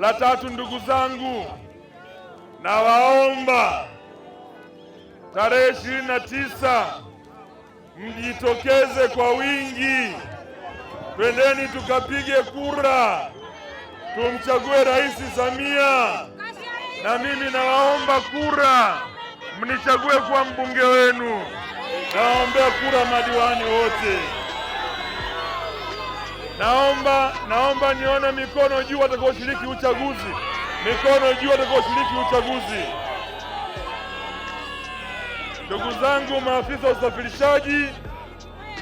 La tatu, ndugu zangu, nawaomba tarehe ishirini na tisa mjitokeze kwa wingi, twendeni tukapige kura, tumchague Rais Samia. Na mimi nawaomba kura, mnichague kuwa mbunge wenu. Nawaombea kura madiwani wote. Naomba, naomba nione mikono juu watakaoshiriki uchaguzi, mikono juu watakaoshiriki uchaguzi. Ndugu zangu maafisa wa usafirishaji,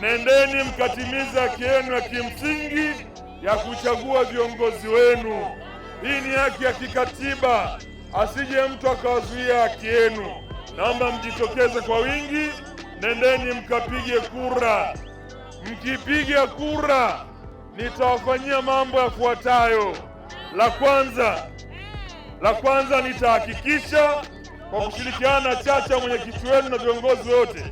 nendeni mkatimize haki yenu ya kimsingi ya kuchagua viongozi wenu. Hii ni haki ya kikatiba, asije mtu akawazuia haki yenu. Naomba mjitokeze kwa wingi, nendeni mkapige kura, mkipiga kura nitawafanyia mambo yafuatayo. La kwanza, la kwanza nitahakikisha kwa kushirikiana na Chacha, mwenyekiti wenu na viongozi wote,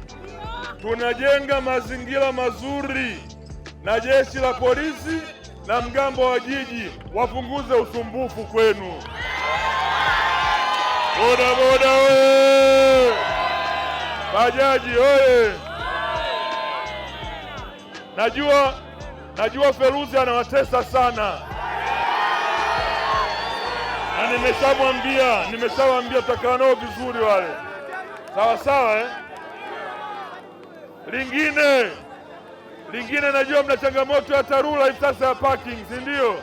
tunajenga mazingira mazuri na jeshi la polisi na mgambo wa jiji wapunguze usumbufu kwenu. Bodaboda oye! Bajaji oye! Najua Najua Feruzi anawatesa sana, na nimeshamwambia nimeshawambia tutakaa nao vizuri wale, sawa sawa eh? Lingine lingine, najua mna changamoto ya TARURA hivi sasa ya parking, si ndio?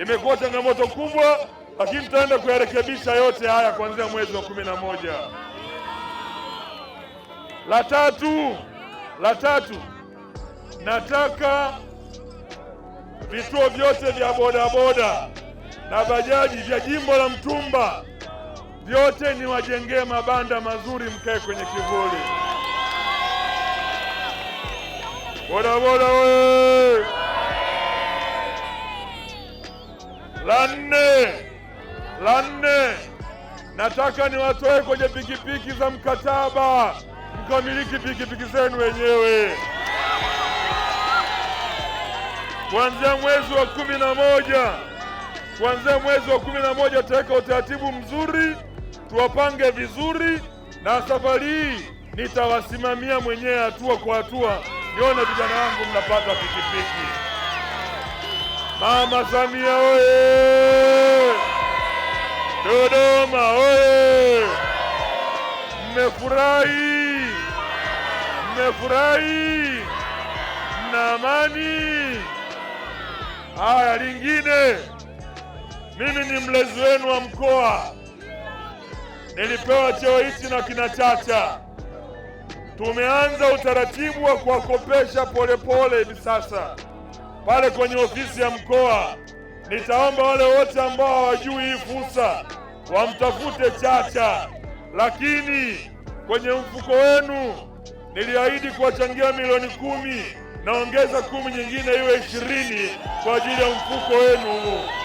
Imekuwa changamoto kubwa, lakini tutaenda kuyarekebisha yote haya kuanzia mwezi wa kumi na moja. La tatu la tatu Nataka vituo vyote vya bodaboda na bajaji vya jimbo la Mtumba vyote niwajengee mabanda mazuri, mkae kwenye kivuli. Bodaboda we! La nne, la nne, nataka niwatoe kwenye pikipiki za mkataba, mkamiliki pikipiki zenu wenyewe kuanzia mwezi wa kumi na moja kuanzia mwezi wa kumi na moja tutaweka utaratibu mzuri, tuwapange vizuri, na safari hii nitawasimamia mwenyewe hatua kwa hatua, nione vijana wangu mnapata pikipiki. Mama Samia oye! Dodoma oye! Mmefurahi, mmefurahi na amani. Haya, lingine, mimi ni mlezi wenu wa mkoa, nilipewa cheo hichi na kina Chacha. Tumeanza utaratibu wa kuwakopesha polepole hivi sasa pale kwenye ofisi ya mkoa. Nitaomba wale wote ambao hawajui hii fursa wamtafute Chacha, lakini kwenye mfuko wenu niliahidi kuwachangia milioni kumi naongeza kumi nyingine iwe ishirini kwa ajili ya mfuko wenu huu.